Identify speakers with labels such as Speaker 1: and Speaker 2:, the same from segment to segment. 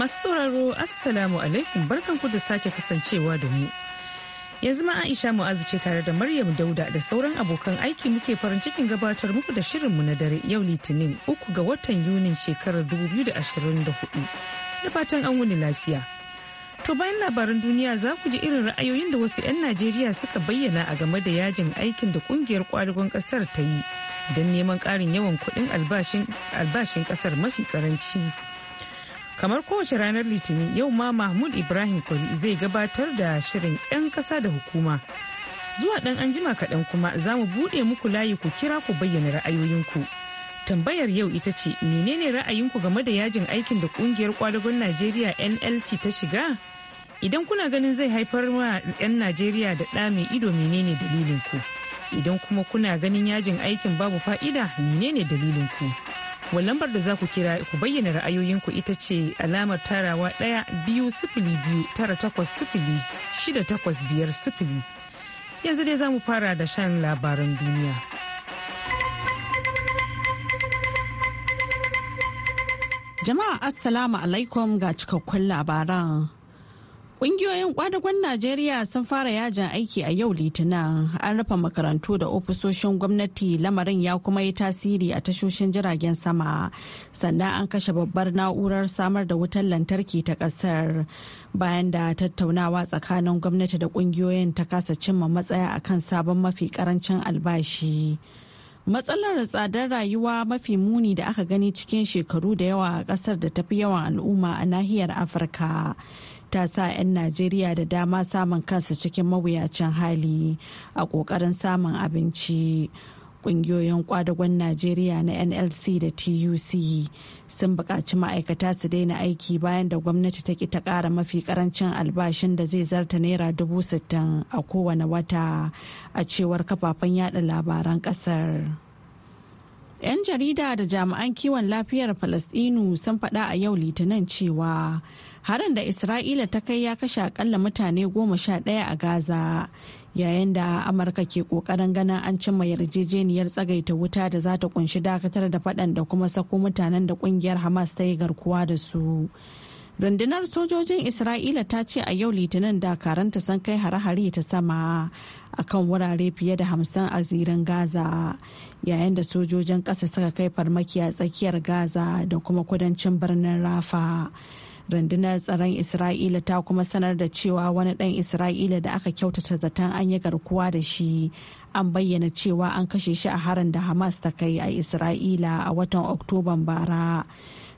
Speaker 1: Masu sauraro Assalamu alaikum barkanku da sake kasancewa da mu. Yanzu ma Aisha Mu'azu ce tare da Maryam Dauda da sauran abokan aiki muke farin cikin gabatar muku da shirin mu na dare yau Litinin uku ga watan Yunin shekarar 2024. Da fatan an wuni lafiya. To bayan labaran duniya za ku ji irin ra'ayoyin da wasu 'yan Najeriya suka bayyana a game da yajin aikin da kungiyar kwadagon kasar ta yi don neman ƙarin yawan kuɗin albashin kasar mafi karanci. kamar kowace ranar litinin yau ma mahmud ibrahim kwali zai gabatar da shirin 'yan kasa da hukuma zuwa ɗan anjima kaɗan kuma za mu buɗe muku layi ku kira ku bayyana ra'ayoyinku tambayar yau ita ce menene ra'ayinku game da yajin aikin da ƙungiyar kwadagon najeriya nlc ta shiga idan kuna ganin zai haifar ma 'yan najeriya da ɗa mai ido menene dalilinku idan kuma kuna ganin yajin aikin babu fa'ida menene dalilinku wa lambar da za ku kira ku bayyana ra'ayoyinku ita ce alamar tarawa ɗaya biyu sifili biyu tara takwas sifili shida takwas biyar sifili yanzu dai za mu fara da shan labaran duniya
Speaker 2: jama'a assalamu alaikum ga cikakkun labaran Ƙungiyoyin ƙwadagon Najeriya sun fara yajin aiki a yau Litinin. An rufe makarantu da ofisoshin gwamnati lamarin ya kuma yi tasiri a tashoshin jiragen sama. Sannan an kashe babbar na'urar samar da wutar lantarki ta ƙasar. Bayan da tattaunawa tsakanin gwamnati da ƙungiyoyin ta kasa cimma matsaya a kan sabon mafi ƙarancin albashi. matsalar tsadar rayuwa mafi muni da aka gani cikin shekaru da yawa a kasar da tafi yawan al'umma a nahiyar afirka ta sa 'yan najeriya da dama samun kansu cikin mawuyacin hali a ƙoƙarin samun abinci ƙungiyoyin kwadagon najeriya na nlc da tuc sun buƙaci ma'aikata su daina aiki bayan da gwamnati ta ta ƙara mafi ƙarancin albashin da zai zarta naira dubu sittin a kowane wata a cewar kafafen yada labaran ƙasar. 'Yan jarida da jami'an kiwon lafiyar Falasɗinu sun faɗa a yau Litinin cewa harin da isra'ila ta kai ya kashe akalla mutane goma sha ɗaya a gaza yayin da amurka ke kokarin ganin an cimma yarjejeniyar tsagaita wuta da za ta kunshi dakatar da faɗan da kuma sako mutanen da kungiyar hamas ta yi garkuwa da su rundunar sojojin isra'ila ta ce a yau litinin dakaranta sun kai hare-hare ta sama a kan wurare fiye da hamsin a zirin gaza yayin da sojojin ƙasa suka kai farmaki a tsakiyar gaza da kuma kudancin birnin rafa rundunar tsaron isra'ila ta kuma sanar da cewa wani ɗan isra'ila da aka kyautata zaton an yi garkuwa da shi an bayyana cewa an kashe shi a harin da hamas ta kai a isra'ila a watan oktoban bara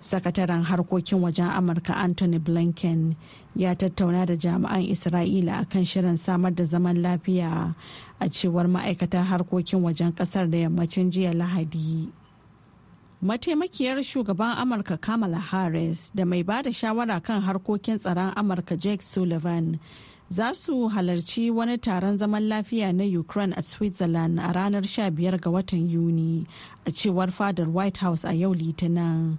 Speaker 2: sakataren harkokin wajen amurka anthony blinken ya tattauna da jami'an isra'ila a kan shirin samar da zaman lafiya a cewar ma'aikatar harkokin wajen kasar da yammacin jiya lahadi mataimakiyar shugaban amurka kamala harris da mai ba da shawara kan harkokin tsaron amurka jake sullivan za su halarci wani taron zaman lafiya na ukraine a switzerland a ranar 15 ga watan yuni a cewar fadar white house a yau litinin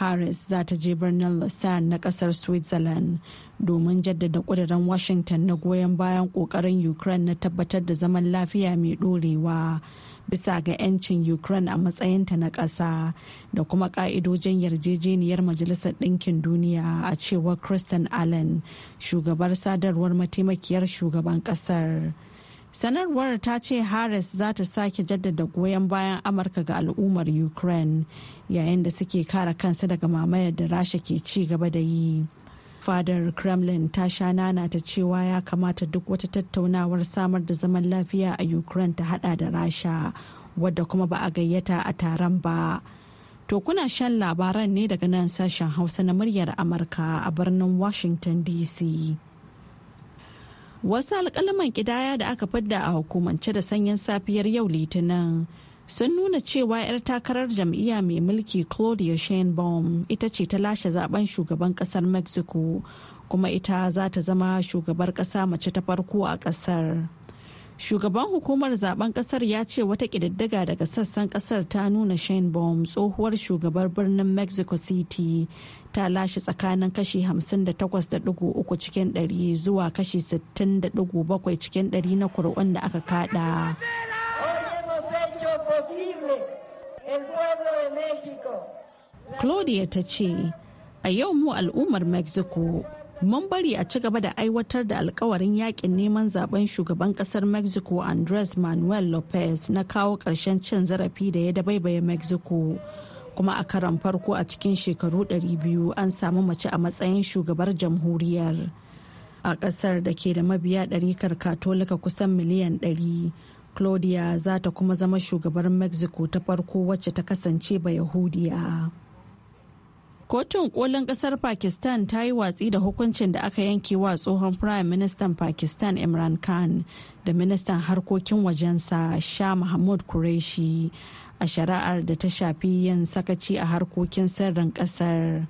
Speaker 2: harris za ta je birnin lausanne na kasar switzerland domin jaddada kudirin washington na goyon bayan kokarin ukraine na tabbatar da zaman lafiya mai dorewa. bisa ga 'yancin ukraine a matsayinta na ƙasa da kuma ƙa'idojin yarjejeniyar majalisar ɗinkin duniya a cewar kristen allen shugabar sadarwar mataimakiyar shugaban ƙasar sanarwar ta ce harris za ta sake jaddada goyon bayan amurka ga al'ummar ukraine yayin da suke kare kansu daga mamayar da rasha ke ci gaba da yi fadar kremlin ta sha nana ta cewa ya kamata duk wata tattaunawar samar da zaman lafiya a ukraine ta hada da rasha wadda kuma ba a gayyata a taron ba to kuna shan labaran ne daga nan sashen hausa na muryar amurka a birnin washington dc wasu alkalaman kidaya da aka fadda a hukumance da sanyin safiyar yau litinin sun nuna cewa 'yar takarar jam'iyya mai mulki claudia sheinbaum ita ce ta lashe zaben shugaban kasar mexico kuma ita za ta zama shugabar kasa mace ta farko a kasar shugaban hukumar zaben kasar ya ce wata kididdiga daga sassan kasar ta nuna sheinbaum tsohuwar shugabar birnin mexico city ta lashe tsakanin kashi 58.3 cikin 100 zuwa kashi 60.7 cikin 100 na kuri'un da aka kada.
Speaker 3: posible el pueblo de México.
Speaker 2: Claudia ta ce, a yau mu al'ummar Mexico mun bari a ci gaba da aiwatar da alkawarin yakin neman zaben shugaban kasar mexico andres manuel lopez na kawo ƙarshen cin zarafi da ya dabaibaye mexico kuma a karan farko a cikin shekaru 200 an samu mace a matsayin shugabar jamhuriyar a kasar da ke da mabiya ɗarikar katolika kusan miliyan ɗari. Claudia za ta kuma zama shugabar Mexico ta farko wacce ta kasance ba Yahudiya. Kotun kolin ƙasar Pakistan ta yi watsi da hukuncin da aka yanke wa tsohon Prime minister Pakistan Imran Khan da Ministan Harkokin Wajensa Shah Mahmud Qureshi a shari'ar da ta shafi yin sakaci a harkokin sirrin ƙasar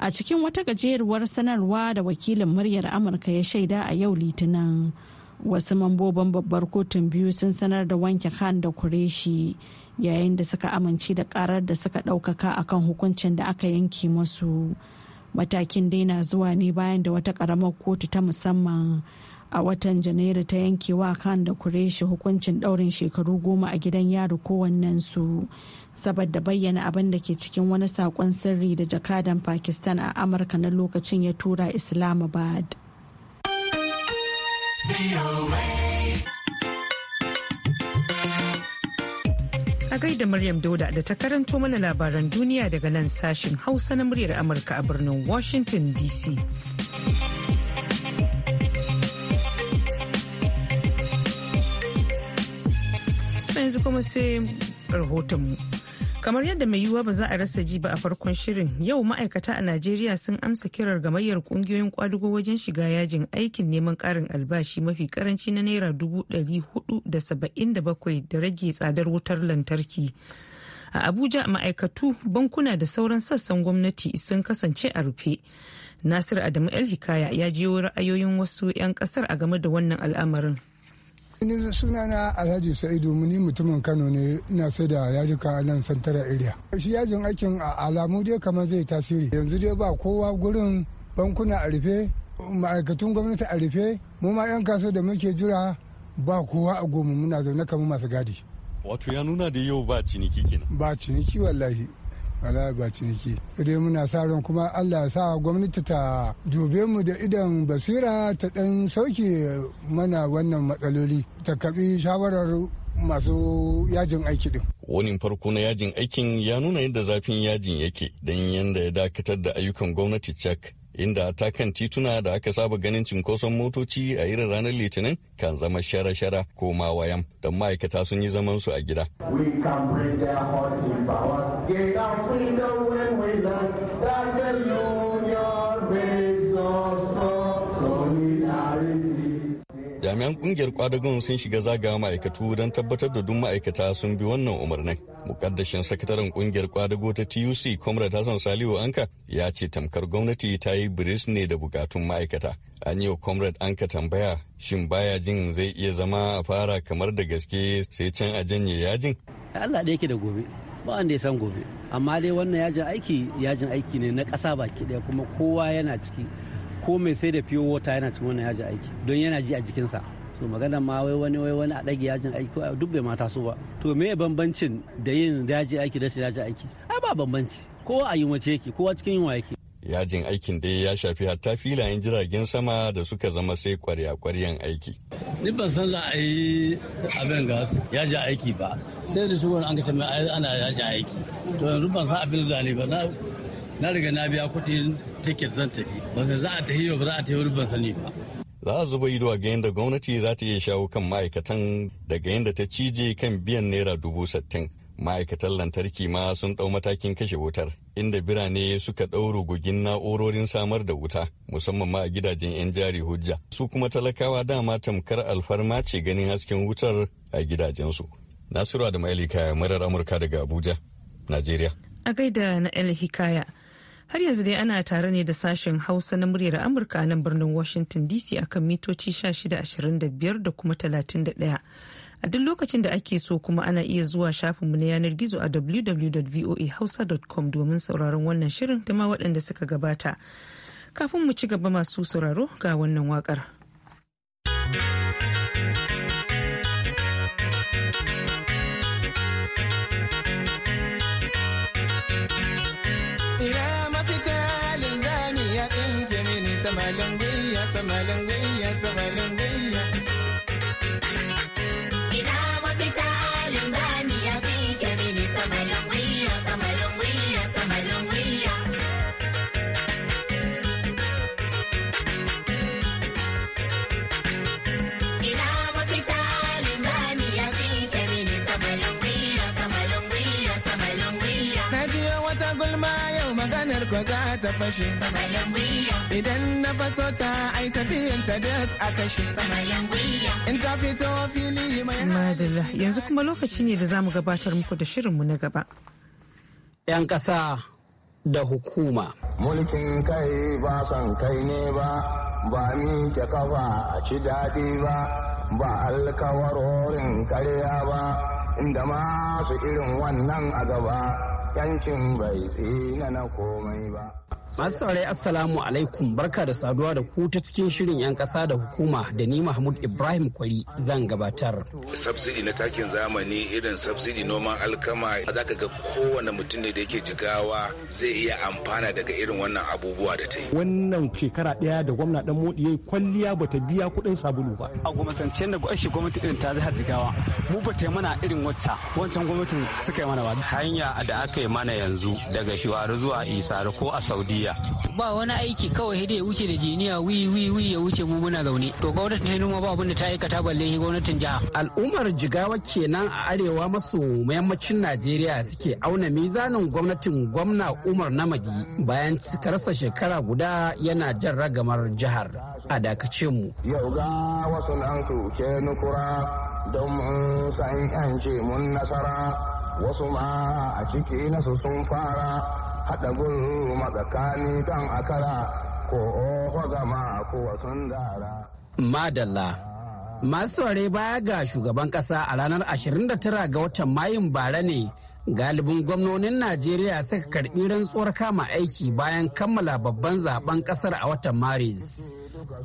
Speaker 2: A cikin wata gajeruwar sanarwa da wakilin muryar Amurka ya shaida a yau Litinin. wasu mambobin babbar kotun biyu sun sanar da wanke khan da kureshi yayin da suka amince da karar da suka ɗaukaka akan hukuncin da aka yanke masu matakin dai na zuwa ne bayan da wata karamar kotu ta musamman a watan janairu ta yanke wa khan da kureshi hukuncin daurin shekaru goma a gidan yaro su saboda bayyana abin da ke cikin wani saƙon sirri da jakadan pakistan a amurka na lokacin ya tura islamabad
Speaker 1: A gaida Maryam Dauda da ta karanto mana labaran duniya daga nan sashen Hausa na muryar Amurka a birnin Washington DC. Yanzu kuma sai rahotonmu. kamar yadda mai yiwuwa ba za a rasa ji ba a farkon shirin yau ma'aikata a najeriya sun amsa kirar gamayyar kungiyoyin kwadugo wajen shiga yajin aikin neman karin albashi mafi karanci na naira dubu ɗari hudu da saba'in da bakwai da rage tsadar wutar lantarki a abuja ma'aikatu bankuna da sauran sassan gwamnati sun kasance a rufe nasir adamu el hikaya ya jiyo ra'ayoyin wasu 'yan kasar a game da wannan al'amarin
Speaker 4: Ni suna na Alhaji Sa'idu muni mutumin Kano ne na sai da yajuka a nan santara area. Shi yajin aikin a alamu dai kamar zai tasiri. Yanzu dai ba kowa gurin bankuna a rufe, ma'aikatun gwamnati a rufe, mu ma 'yan kaso da muke jira ba kowa a gomu muna zaune kamar masu gadi.
Speaker 5: Wato ya nuna da yau ba ciniki kenan.
Speaker 4: Ba ciniki wallahi. wala ba ciniki dai muna sa ran kuma Allah ya sa gwamnati ta dube mu da idan basira ta dan sauke mana wannan matsaloli ta karbi shawarar masu yajin aiki din.
Speaker 5: Wani farko na yajin aikin ya nuna yadda zafin yajin yake don yadda ya dakatar da ayyukan gwamnati cak inda ta kan tituna da aka saba ganin cinkoson motoci a irin ranar litinin kan zama shara-shara ko ma wayan don ma'aikata sun yi zamansu a gida. We
Speaker 6: can bring their
Speaker 5: jami'an kungiyar kwadagon sun shiga zagawa ma'aikatu don tabbatar da duk ma'aikata sun bi wannan umarnin mukaddashin sakataren kungiyar kwadago ta tuc comrade hassan salihu anka ya ce tamkar gwamnati ta yi biris ne da bukatun ma'aikata an yi wa comrade anka tambaya shin baya jin zai iya zama a fara kamar da gaske sai can a janye yajin
Speaker 3: allah da yake da gobe ba wanda ya san gobe amma dai wannan yajin aiki yajin aiki ne na ƙasa baki ɗaya kuma kowa yana ciki ko mai sai da fiyo wata yana cin wannan yajin aiki don yana ji a jikinsa to magana ma wai wani wai wani a ɗage yajin aiki duk bai mata so ba to me bambancin da yin yaji aiki da shi yajin aiki ai ba bambanci kowa a yunwace yake kowa cikin yunwa yake
Speaker 5: yajin aikin dai ya shafi hatta filayen jiragen sama da suka zama sai kwarya-kwaryan aiki.
Speaker 3: Ni ban san za a yi abin ga yaji aiki ba sai da wani an ga mai ana yaji aiki to yanzu ban san abin da ne ba na na riga na biya kuɗin tiket zan tafi sai za a tafi ba za a tafi ban sani ba
Speaker 5: za a zuba ido a ga yadda gwamnati za ta iya shawo kan ma'aikatan daga yadda ta cije kan biyan naira dubu sittin ma'aikatan lantarki ma sun ɗau matakin kashe wutar inda birane suka ɗau rugugin na'urorin samar da wuta musamman ma a gidajen 'yan jari hujja su kuma talakawa dama tamkar alfarma ce ganin hasken wutar a gidajensu nasiru da ma'ilika murar amurka daga abuja nigeria.
Speaker 1: a gaida na hikaya Har yanzu dai ana tare ne da sashen Hausa na muryar Amurka a nan birnin Washington DC a kan mitoci 1625 da kuma 31. A duk lokacin da ake so kuma ana iya zuwa shafinmu na yanar gizo a www.voahausa.com domin sauraron wannan shirin da ma waɗanda suka gabata. Kafin mu ci gaba masu sauraro ga wannan waƙar.
Speaker 7: thank you
Speaker 4: samalin gayya samalin gayya samalin gayya
Speaker 1: idan na faso ta ai safiyan ta duk a kashe in ta fito fili mai madalla yanzu kuma lokaci ne da za mu gabatar muku da shirin mu na gaba 'yan kasa da hukuma mulkin
Speaker 7: kai ba san kai ne ba ba mi ke kafa a ci daɗi ba ba alkawarorin karya ba inda masu irin wannan a gaba yankin bai tsina na komai ba.
Speaker 3: Masu saurari Assalamu alaikum barka da saduwa da ku ta cikin shirin 'yan kasa da hukuma da ni Mahmud Ibrahim Kwari zan gabatar.
Speaker 4: Subsidi na takin zamani irin subsidi noman alkama za ka ga kowane mutum ne da yake jigawa zai iya amfana daga irin wannan abubuwa da ta yi. Wannan shekara ɗaya da gwamna ɗan moɗi ya yi kwalliya ta biya kuɗin sabulu ba.
Speaker 3: A gwamnatance da ake gwamnati irin ta zaha jigawa mu ba ta yi mana irin wata wancan gwamnatin suka yi mana ba.
Speaker 7: Hanya da aka yi mana yanzu daga Shiwaru zuwa Isar ko a Saudiya
Speaker 3: ba wani aiki kawai hidda ya wuce da jiniya wi wi wi ya wuce mu muna zaune to gwamnatin noma ba abin da ta aikata balle gwamnatin jiha al'ummar jigawa kenan a arewa maso yammacin najeriya suke auna mizanin gwamnatin gwamna umar namadi bayan cikarsa shekara guda yana jan ragamar jihar a dakace mu
Speaker 7: yau ga wasu nan ke nukura don mun san ce mun nasara wasu ma a ciki nasu sun fara haɗa gulu matsakani don akara ko gama ko wasan dara.
Speaker 3: Madalla Masu ware baya ga shugaban ƙasa a ranar 29 ga watan Mayun bara ne galibin gwamnonin najeriya suka karɓi rantsuwar kama aiki bayan kammala babban zaben ƙasar a watan maris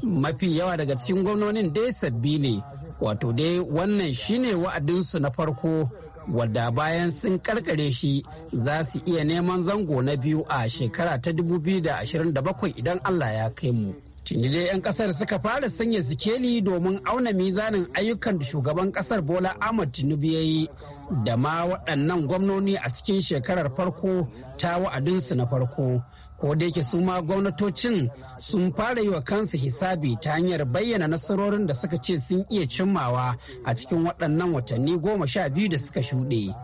Speaker 3: mafi yawa daga cikin gwamnonin dai sabbi ne wato dai wannan shine wa'adinsu na farko wadda bayan sun karkare shi za su iya neman zango na biyu a shekara ta 2027 idan Allah ya kai mu. tunda dai 'yan kasar suka fara sanya zikeli domin auna mizanin ayyukan da shugaban kasar Bola Ahmad Tinubu ya yi da ma waɗannan gwamnoni a cikin shekarar farko ta wa'adinsu na farko. Ko da yake su ma gwamnatocin sun fara yi wa kansu hisabi ta hanyar bayyana nasarorin da suka ce sun iya cimmawa a cikin waɗannan watanni goma sha biyu da suka shuɗe.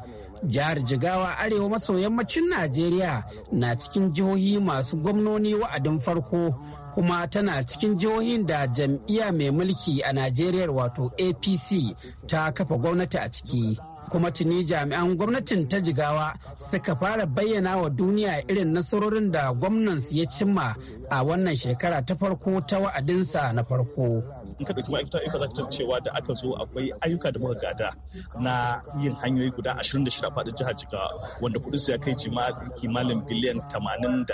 Speaker 3: Jihar Jigawa Arewa maso yammacin Najeriya na cikin jihohi masu gwamnoni wa'adin farko kuma tana cikin jihohin da jam'iyya mai mulki a Najeriya wato APC ta kafa gwamnati a ciki. kuma tuni jami'an gwamnatin ta jigawa suka fara bayyana wa duniya irin nasarorin da gwamnansu ya cimma a wannan shekara ta farko ta wa'adinsa na farko.
Speaker 6: in ka ɗauki ma'aikata ayyuka za ka cewa da aka zo akwai ayyuka da muka gada na yin hanyoyi guda 26 a faɗin jihar jigawa wanda kuɗin su ya kai kimanin biliyan 81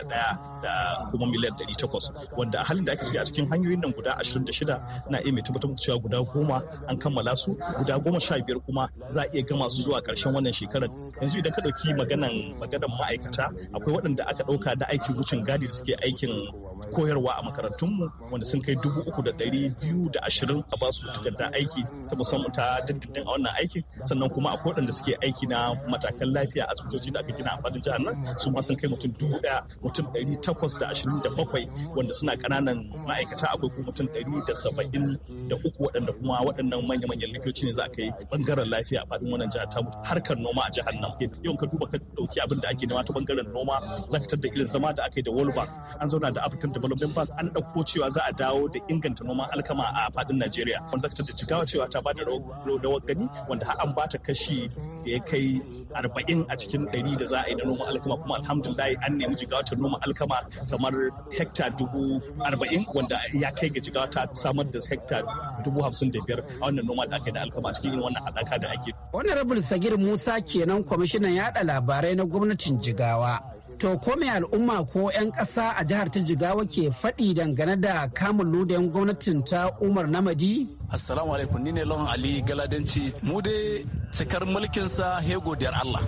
Speaker 6: da kuma miliyan 800 wanda a halin da ake ciki a cikin hanyoyin nan guda 26 na iya mai tabbatar cewa guda goma an kammala su guda goma sha biyar kuma za a iya gama su zuwa ƙarshen wannan shekarar yanzu idan ka ɗauki maganan maganan ma'aikata akwai waɗanda aka ɗauka da aikin wucin gadi da suke aikin koyarwa a makarantunmu wanda sun kai dubu uku da ɗari biyu da ashirin a basu takarda aiki ta musamman ta dindindin a wannan aikin sannan kuma akwai waɗanda suke aiki na matakan lafiya a asibitoci da aka gina a faɗin jihar nan su ma sun kai mutum dubu ɗaya mutum ɗari takwas da ashirin da bakwai wanda suna ƙananan ma'aikata akwai kuma mutum ɗari da saba'in da uku waɗanda kuma waɗannan manya-manyan likitoci ne za a kai ɓangaren lafiya a faɗin wannan jihar ta harkar noma a jihar nan yawan ka duba ka ɗauki abin da ake nema ta ɓangaren noma za ka da irin zama da aka yi da wolba an zauna da afirka African Development Bank an ɗauko cewa za a dawo da inganta noman alkama a faɗin Najeriya. Wanda zaka da jigawa cewa ta bada rawar gani wanda har an bata kashi da ya kai arba'in a cikin ɗari da za a yi na noman alkama kuma alhamdulillah an nemi jigawata noman alkama kamar hekta dubu arba'in wanda ya kai ga jigawata samar da hekta dubu hamsin da biyar a wannan noma da aka yi da alkama cikin irin wannan haɗaka da ake.
Speaker 3: honorable sagir musa kenan kwamishinan yaɗa labarai na gwamnatin jigawa. To ko mai al'umma ko 'yan ƙasa a jihar ta Jigawa ke faɗi dangane da kamun ludayen gwamnatin ta Umar Namadi? Assalamu alaikum ni ne Lawan Ali Galadanci. Mu dai cikar mulkinsa hego diyar Allah.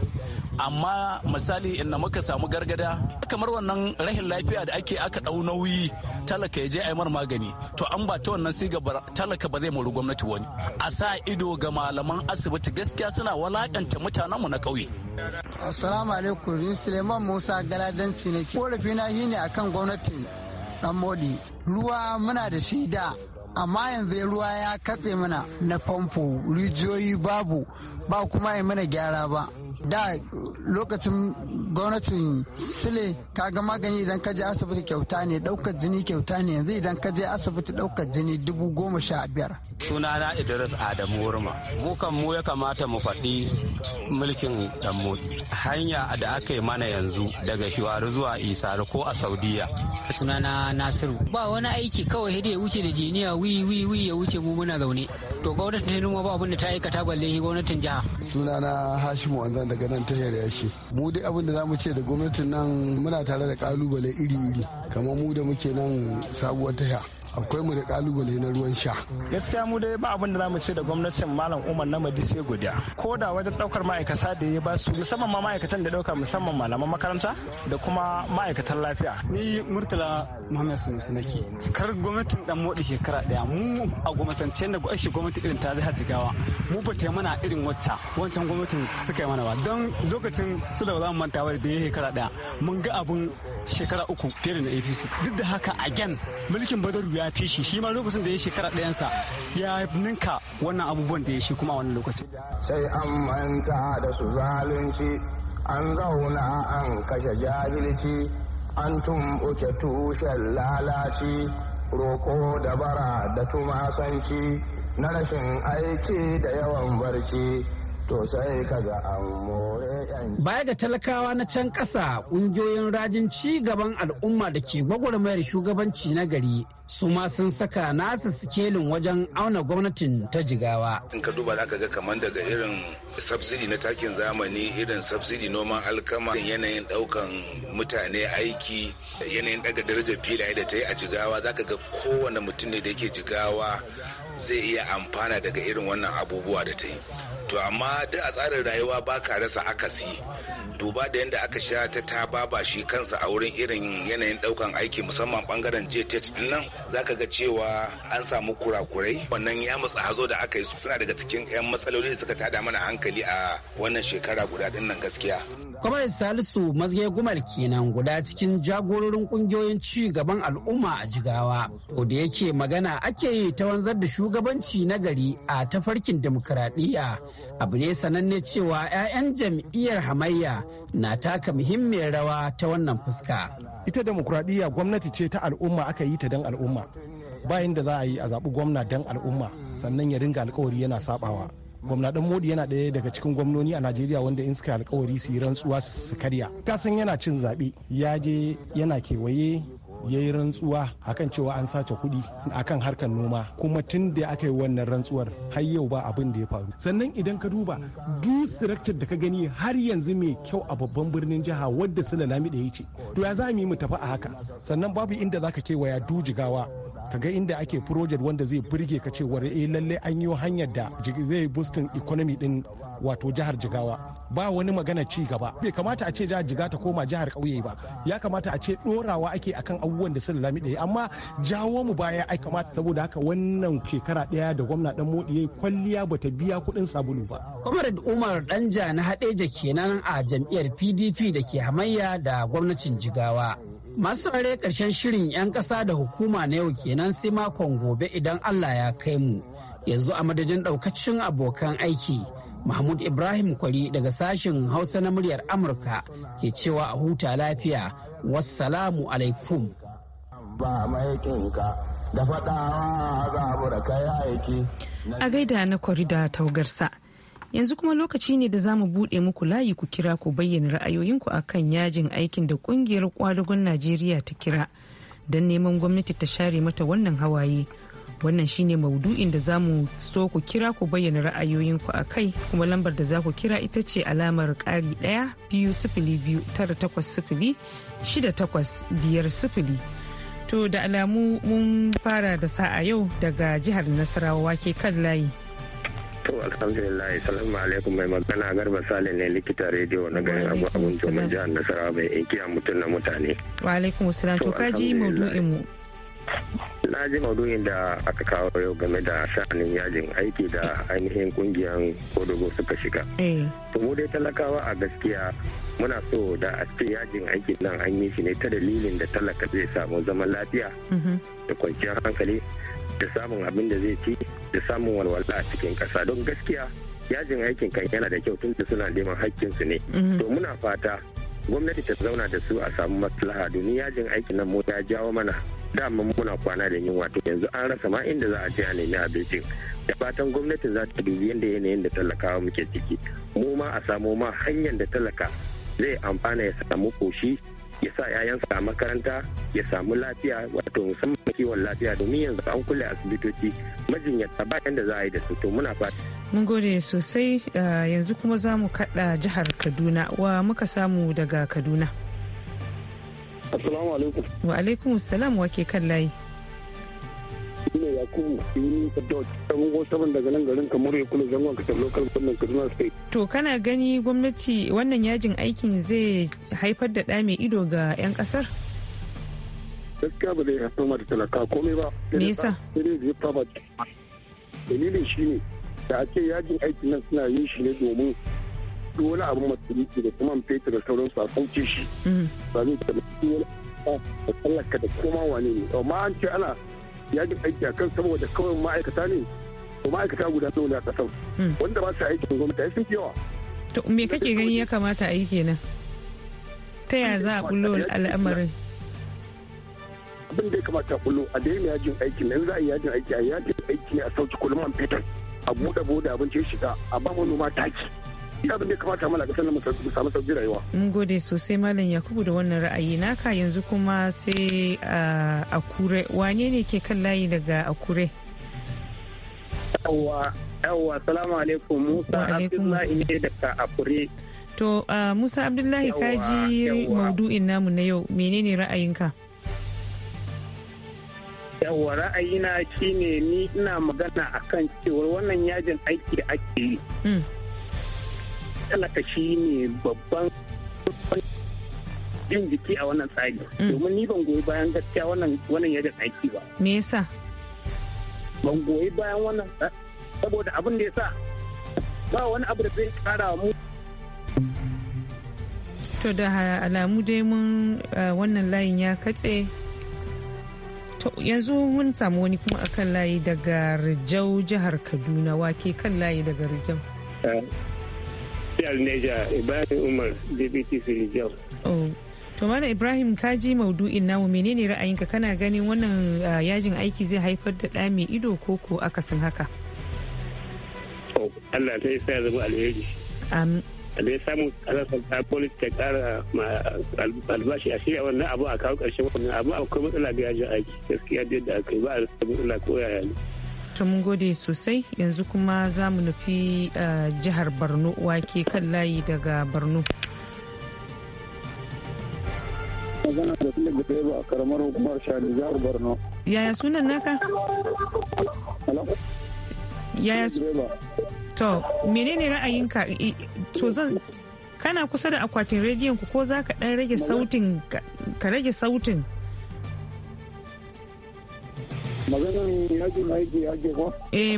Speaker 3: amma misali inda muka samu gargada kamar wannan rahin lafiya da ake aka ɗau nauyi talaka ya je a mar magani to an ba ta wannan siga talaka ba zai mori gwamnati wani a sa ido ga malaman asibiti gaskiya suna walakanta mutanenmu na ƙauye assalamu alaikum ni suleiman musa galadanci ne ke. korafi na shine akan gwamnati dan modi ruwa muna da shi da amma yanzu ruwa ya katse mana na famfo rijiyoyi babu ba kuma yi mana gyara ba da lokacin gwamnatin sile ka ga magani idan ka je asibiti kyauta ne daukar jini kyauta ne yanzu idan ka je asibiti daukar jini dubu goma sha biyar
Speaker 7: suna na idris adamu wurma bukan mu ya kamata mu faɗi mulkin dan hanya da aka yi mana yanzu daga shiwaru zuwa isar ko a saudiya
Speaker 3: na nasiru ba wani aiki kawai hidi ya wuce da jiniya wi wi ya wuce mu muna zaune to gwamnatin noma ba abin da ta aikata balle gwamnatin jiha
Speaker 4: suna na hashimu wanzan daga nan ta shi mu dai abin da zamu ce da gwamnatin nan muna tare da kalubale iri iri kamar mu da muke nan sabuwar tasha akwai mu da kalubale na ruwan sha gaskiya mu dai ba abin da zamu ce da gwamnatin malam umar na madi sai godiya ko da wajen daukar ma'aikata da ya ba su musamman ma ma'aikatan da dauka musamman malaman makaranta da kuma ma'aikatan lafiya ni murtala muhammad sunusi nake kar gwamnatin dan modi shekara daya mu a gwamnatance da gwamnati
Speaker 3: gwamnati irin ta zai jigawa mu ba ta mana irin wacce wancan gwamnatin suka yi mana ba don lokacin su da za mu manta da ya shekara daya mun ga abun shekara uku fiye na apc duk da haka again mulkin badaru ya fi shi shi ma lokacin da ya shekara ɗayansa ya ninka wannan abubuwan da ya shi kuma a wannan lokacin
Speaker 7: sai an manta da su zalunci an zauna an kashe jahilci an tumɓuke tushen lalaci roko da bara da tumasanci na rashin aiki da yawan barci to sai ga
Speaker 3: Baya ga talakawa na can ƙasa ƙungiyoyin rajin ci gaban al'umma da ke gwagwarmayar shugabanci na gari su ma sun saka nasu sikelin wajen auna gwamnatin ta jigawa.
Speaker 4: In ka duba zaka ga kamar daga irin subsidi na takin zamani irin subsidi noman alkama yanayin daukan mutane aiki yanayin daga darajar filaye da ta yi a jigawa zaka ga kowane mutum ne da yake jigawa zai iya amfana daga irin wannan abubuwa da ta yi. To amma duk a tsarin rayuwa ba ka rasa akasi duba da yadda aka sha ta ta baba shi kansa a wurin irin yanayin daukan aiki musamman bangaren jtt nan zaka ga cewa an samu kurakurai wannan ya matsa hazo da aka yi suna daga cikin 'yan matsaloli da suka tada mana hankali a wannan shekara guda din nan gaskiya
Speaker 3: kwamar salisu mazge gumar kenan guda cikin jagororin kungiyoyin ci gaban al'umma a jigawa to da yake magana ake yi ta wanzar da shugabanci na gari a tafarkin dimokuraɗiyya abu ne sananne cewa 'ya'yan jam'iyyar
Speaker 4: hamayya na taka muhimmiyar rawa ta wannan fuska. Ita demokuraɗiyya gwamnati ce ta al'umma aka yi ta dan al'umma. Bayan da za a yi a zaɓi gwamna dan al'umma sannan ya ringa alkawari yana sabawa. gwamna ɗan modi yana ɗaya daga cikin gwamnoni a najeriya wanda in suka alkawari su yi rantsuwa su karya kasan yana cin zaɓe ya je yana kewaye ya yi rantsuwa akan cewa an sace kuɗi akan harkar noma kuma tun da aka yi wannan rantsuwar har yau ba abin da ya faru sannan idan ka duba duk structure da ka gani har yanzu mai kyau a babban birnin jiha wadda su lami da ya ce to ya za mu yi mu tafi a haka sannan babu inda za zaka kewaya dujigawa ka ga inda ake project wanda zai burge ka cewar eh lallai an yi hanyar da zai bustin economy din wato jihar jigawa ba wani magana ci gaba bai kamata a ce jihar jiga ta koma jihar ƙauye ba ya kamata a ce dorawa ake akan abubuwan da sun lamide amma jawo mu baya ai kamata saboda haka wannan shekara daya da gwamna dan modi yayi kwalliya bata biya kuɗin sabulu ba
Speaker 3: comrade umar danja na haɗeja kenan a jam'iyyar pdp da ke hamayya da gwamnatin jigawa masu saurare karshen shirin 'yan kasa da hukuma na yau kenan sai makon gobe idan allah ya kai mu yanzu a madadin ɗaukacin abokan aiki Mahmud Ibrahim Kwari daga sashen Hausa na muryar Amurka ke cewa a huta lafiya. Wassalamu alaikum.
Speaker 7: Ba mai da za mu da kai aiki.
Speaker 2: A
Speaker 1: gaida na kwari da taugarsa. Yanzu kuma lokaci ne da za mu buɗe muku layi ku kira ku bayyana ra'ayoyinku a kan yajin aikin da ƙungiyar ƙwadagon Najeriya ta kira don neman gwamnati ta share mata wannan hawaye. wannan shine maudu'in da za mu so ku kira ku bayyana ra'ayoyinku a kai kuma lambar da za ku kira ita ce alamar ƙari ɗaya biyu sifili biyu tara takwas sifili shida takwas biyar sifili to da alamu mun fara da sa'a yau daga jihar nasarawa ke kan layi
Speaker 7: to alhamdulillah salamu alaikum mai magana garba sale ne likita rediyo na garin abu abun jihar nasarawa bai inkiya mutum na mutane
Speaker 1: wa alaikum salam to kaji maudu'in
Speaker 7: mu na ji maudu'in da aka kawo yau game da sha'anin yajin aiki da ainihin kungiyar kodogo suka shiga eh. to mu dai talakawa a gaskiya muna so da a ce yajin aiki nan an yi shi ne ta dalilin da talaka zai samu zaman lafiya mm-hmm. da kwanciyar hankali da samun abin da zai ci da samun walwala a cikin kasa don gaskiya yajin aikin kan yana da kyau tun da suna neman hakkinsu ne mm-hmm. to muna fata gwamnati ta zauna da su a samu maslaha domin yajin aikin nan mota ya jawo mana dama muna kwana da yunwa wato yanzu an rasa ma inda za a je a nemi abincin da fatan gwamnati za ta dubi yadda yanayin da talakawa muke ciki mu ma a samu ma hanyar da talaka zai amfana ya samu koshi ya sa yayansa a makaranta ya samu lafiya wato musamman kiwon lafiya domin yanzu an kulle asibitoci majinyata bayan da za a yi da su to muna fata.
Speaker 1: Mun gode sosai uh, yanzu kuma za mu kaɗa jihar Kaduna wa muka samu daga Kaduna. Assalamu alaikum. Wa alaikum salam wake kan layi.
Speaker 7: shine yakubu yuni dot ɗan wasu daga nan garin kamar ya kula zangon kasar local government kaduna state.
Speaker 1: to kana gani gwamnati wannan yajin aikin zai haifar da ɗa mai ido ga 'yan kasar.
Speaker 7: gaskiya ba zai haifar ma da talaka komai ba. me yasa. dalilin shine da a ce yajin aikin nan suna yin shi ne domin duk wani abin masu da kuma fetur da sauransu a kauce shi mm. ba zai taimaki wani ba da tsallaka da koma wane ne amma an ce ana yajin aiki a kan saboda kawai ma'aikata ne ko ma'aikata guda nawa ne a kasar hmm. wanda ba su aikin gwamnati ai sun fi yawa
Speaker 1: to me kake gani ya kamata a yi kenan ta yaya za a kullo al'amarin
Speaker 7: abin da ya kamata kullo a daina yajin aiki nan za a yi yajin aiki a yajin aiki ne a sauki kullum man a buɗe buɗe abinci ya shiga a ba manoma taki ya da kamata mana ga sannan mu samu sauki rayuwa.
Speaker 1: Mun gode sosai Malam Yakubu da wannan ra'ayi naka yanzu kuma sai uh, a kure wane ne ke kan layi daga a kure?
Speaker 7: Yawwa yawwa salamu alaikum Musa Abdullahi ne daga a kure.
Speaker 1: To uh, Musa Abdullahi kaji maudu maudu'in namu na yau menene ra'ayinka?
Speaker 7: Yawwa ra'ayina shine ni ina magana akan cewar wannan yajin aiki da ake yi. Hmm. talaka shi ne babban jin jiki a wannan tsari mm. domin ni ban goyi bayan gaskiya wannan yadda aiki ba me yasa ban goyi bayan wannan saboda abin da yasa ba wani abu da zai kara mu
Speaker 1: to da alamu dai mun eh, wannan layin ya katse to yanzu mun samu wani kuma akan layi daga rijau jihar kaduna wake kan layi daga rijau
Speaker 7: eh, jihar Neja Ibrahim Umar DBT Sirijau.
Speaker 1: Oh. To mana Ibrahim kaji ji maudu'in namu menene ra'ayinka kana ganin wannan uh, yajin aiki zai haifar da ɗa mai ido ko ko akasin haka?
Speaker 7: Allah ta yi sa zama alheri. Amin. A dai samu alasar ta polis ta kara albashi a shirya wannan abu a kawo karshen wannan abu akwai matsala ga yajin aiki gaskiya da aka yi ba a matsala ko yaya ne.
Speaker 1: Dokta mun gode sosai yanzu kuma za mu nufi eh, jihar borno wake kan layi daga borno
Speaker 7: magana da filin da a karamar hukumar
Speaker 1: jihar borno yaya sunan naka yaya to menene ra'ayinka to zan kana kusa da akwatin rediyon ku ko za ka dan rage sautin ka rage sautin
Speaker 7: maganan yajin aiki ake yi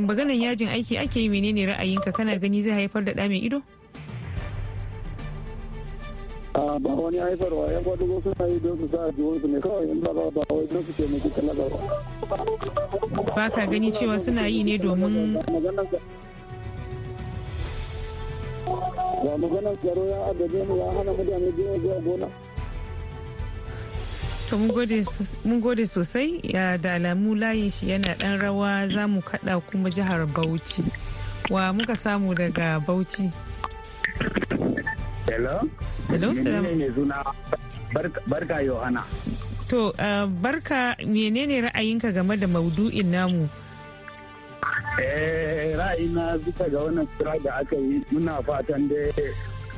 Speaker 1: eh ne yajin aiki ake yi menene ra'ayinka kana gani zai haifar da mai ido?
Speaker 7: a ba wani haifarwa yan kwadugo suna yi don su sa jiwonsu ne kawai in ba ba wai don su taimaki talaka ba.
Speaker 1: ba ka gani cewa suna yi ne domin ba
Speaker 7: maganar tsaro ya adabe mu ya hana mutane biyu zuwa gona
Speaker 1: to mun gode sosai da alamu layin shi yana dan rawa za mu kada kuma jihar bauchi wa muka samu daga bauchi
Speaker 7: hello hello ne zuna barka yohana
Speaker 1: to eh, barka menene ra'ayinka game da maudu'in namu
Speaker 7: eh ra'ayina bisa ga wannan kira da aka yi muna fatan da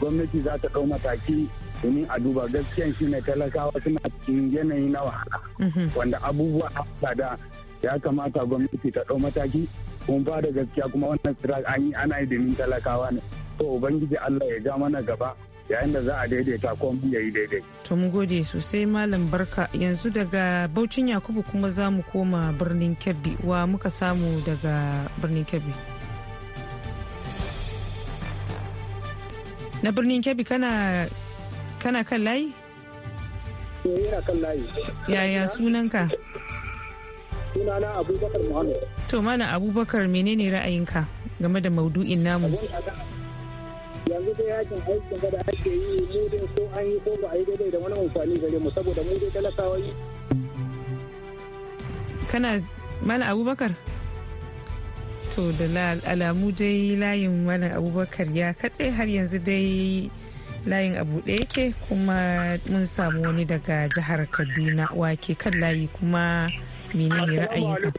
Speaker 7: gwamnati za ta mataki domin a duba gaskiyan shi ne talakawa suna cikin yanayi na wahala
Speaker 1: mhm.
Speaker 4: wanda
Speaker 7: abubuwa a da ya kamata gwamnati ta ɗau mataki kun ba da gaskiya kuma wannan sirar an yi ana yi domin talakawa ne to ubangiji allah ya ja mana gaba yayin da za a daidaita ko ya yi daidai.
Speaker 1: To mu gode sosai Malam Barka yanzu daga Baucin Yakubu kuma za mu koma birnin Kebbi wa muka samu daga birnin Kebbi. Na birnin Kebbi kana kana kan layi?
Speaker 7: Yana kan layi.
Speaker 4: Yaya sunanka?
Speaker 7: Sunana Abubakar Muhammad.
Speaker 1: To mana Abubakar menene ra'ayinka game da maudu'in namu?
Speaker 7: yanzu dai yakin aikin da ake yi mu dai ko an yi ko ba a yi daidai da wani amfani gare mu saboda mu dai talakawa yi.
Speaker 1: Kana mana Abubakar? To da alamu dai layin mana Abubakar ya katse har yanzu dai layin a buɗe yake kuma mun samu wani daga jihar kaduna wake kan layi kuma menene ra'ayinka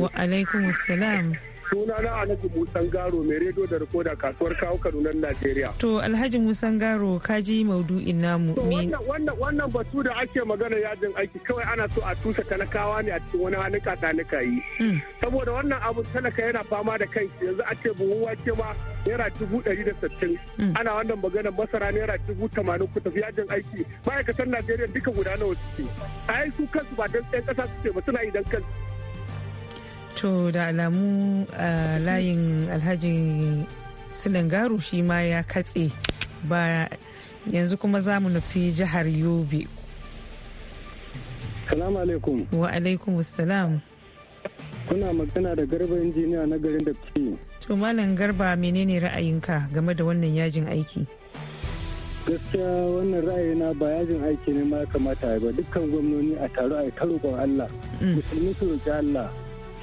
Speaker 1: wa alaikum salam Suna
Speaker 7: na Alhaji Musan Garo mai rediyo da rikoda kasuwar kawo Kadunan Najeriya.
Speaker 1: To Alhaji Musan Garo maudu ina maudu'in namu. Wannan wannan batu da ake magana
Speaker 7: yajin aiki kawai ana so a tusa talakawa ne a cikin wani ta nika yi. Hmm. Saboda wannan abu talaka yana fama da kai yanzu ake buhu wace ma naira dubu ɗari da sittin. Hmm. Ana wannan magana masara naira dubu tamanin ku tafi yajin aiki ma'aikatan Najeriya duka guda nawa suke. A su kansu ba don ɗan ƙasa suke ba suna idan kansu.
Speaker 1: to da alamu a layin alhaji silingaru shi ma ya katse ba yanzu kuma za mu nufi jihar yobe salamu alaikum wa alaikum salam
Speaker 7: kuna magana da garba injiniya na garin da
Speaker 1: to malam garba menene ra'ayinka game da wannan yajin aiki
Speaker 7: gaskiya wannan ra'ayina ba yajin aiki ne ma kamata ba dukkan gwamnoni a taro a karo Allah mm. musulmi su roƙi Allah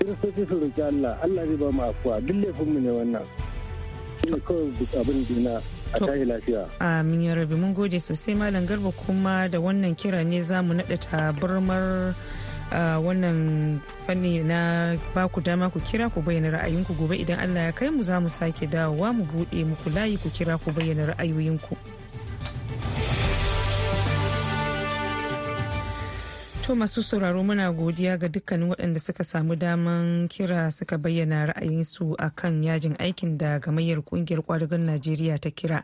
Speaker 7: sai su roƙi Allah Allah zai ba mu afuwa duk laifinmu ne wannan shi kawai abin dina
Speaker 1: a amin ya rabi mun gode sosai malam garba kuma da wannan kira ne za mu naɗa tabarmar ah, wannan fanni na baku dama ku kira ku bayyana ra'ayinku gobe idan Allah ya kai mu za mu sake dawowa mu buɗe muku layi ku kira ku bayyana ra'ayoyinku. To masu sauraro muna godiya ga dukkanin waɗanda suka samu daman kira suka bayyana ra'ayinsu a kan yajin aikin da gamayyar kungiyar kwadagon Najeriya ta kira.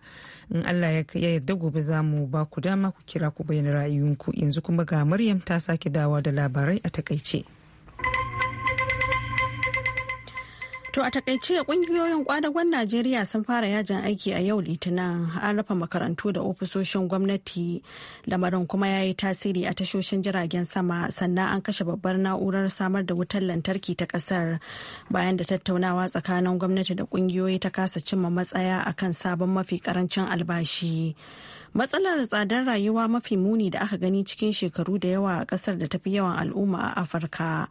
Speaker 1: In Allah ya yarda gobe za mu ba ku dama ku kira ku bayyana ra'ayinku yanzu kuma ga Maryam ta sake dawa da labarai a takaice.
Speaker 2: To a takaice kungiyoyin kwadagon Najeriya sun fara yajin aiki a yau litinin an rufe makarantu da ofisoshin gwamnati lamarin kuma ya yi tasiri a tashoshin jiragen sama sannan an kashe babbar na'urar samar da wutar lantarki ta kasar bayan da tattaunawa tsakanin gwamnati da kungiyoyi ta kasa cimma matsaya a kan sabon mafi karancin albashi. matsalar tsadar rayuwa mafi muni da aka gani cikin shekaru da yawa a kasar da tafi yawan al'umma a afirka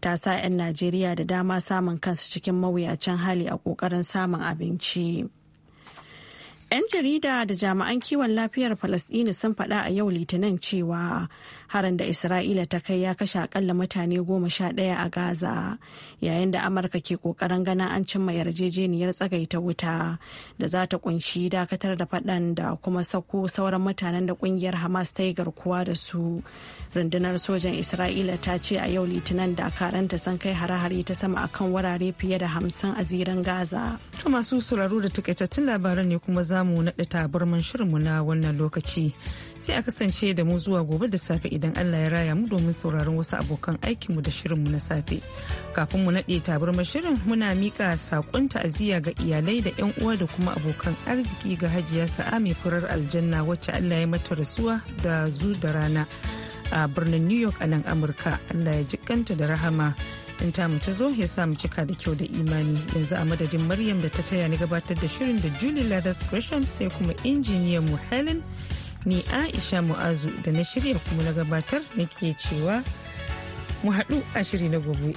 Speaker 2: ta sa 'yan najeriya da dama samun kansu cikin mawuyacin hali a kokarin samun abinci 'yan jarida da jami'an kiwon lafiyar falasdini sun faɗa a yau litinin cewa harin da isra'ila ta kai ya kashe akalla mutane goma sha ɗaya a gaza yayin da amurka ke ƙoƙarin ganin an cimma yarjejeniyar tsagaita wuta da za ta kunshi dakatar da faɗan da kuma sako sauran mutanen da ƙungiyar hamas ta yi garkuwa da su rundunar sojan isra'ila ta ce a yau litinin da dakaranta sun kai hare-hare ta sama akan wurare fiye da hamsin a zirin gaza
Speaker 1: to masu sauraro da takaitattun labaran ne kuma zamu naɗa tabarman shirinmu na wannan lokaci sai a kasance da mu zuwa gobe da safe idan Allah ya raya mu domin sauraron wasu abokan mu da shirin mu na safe. Kafin mu naɗe tabarmar shirin muna miƙa saƙon ta'aziyya ga iyalai da 'yan uwa da kuma abokan arziki ga hajiya sa'a mai furar aljanna wacce Allah ya mata rasuwa da zu da rana a birnin New York a nan Amurka. Allah ya jikanta da rahama. in tamu ta zo ya sa mu cika da kyau da imani yanzu a madadin maryam da ta taya ni gabatar da shirin da julie ladas gresham sai kuma injiniyan mu helen ni aisha mu'azu da na shirya kuma na gabatar nake cewa mu haɗu a shiri na gobe.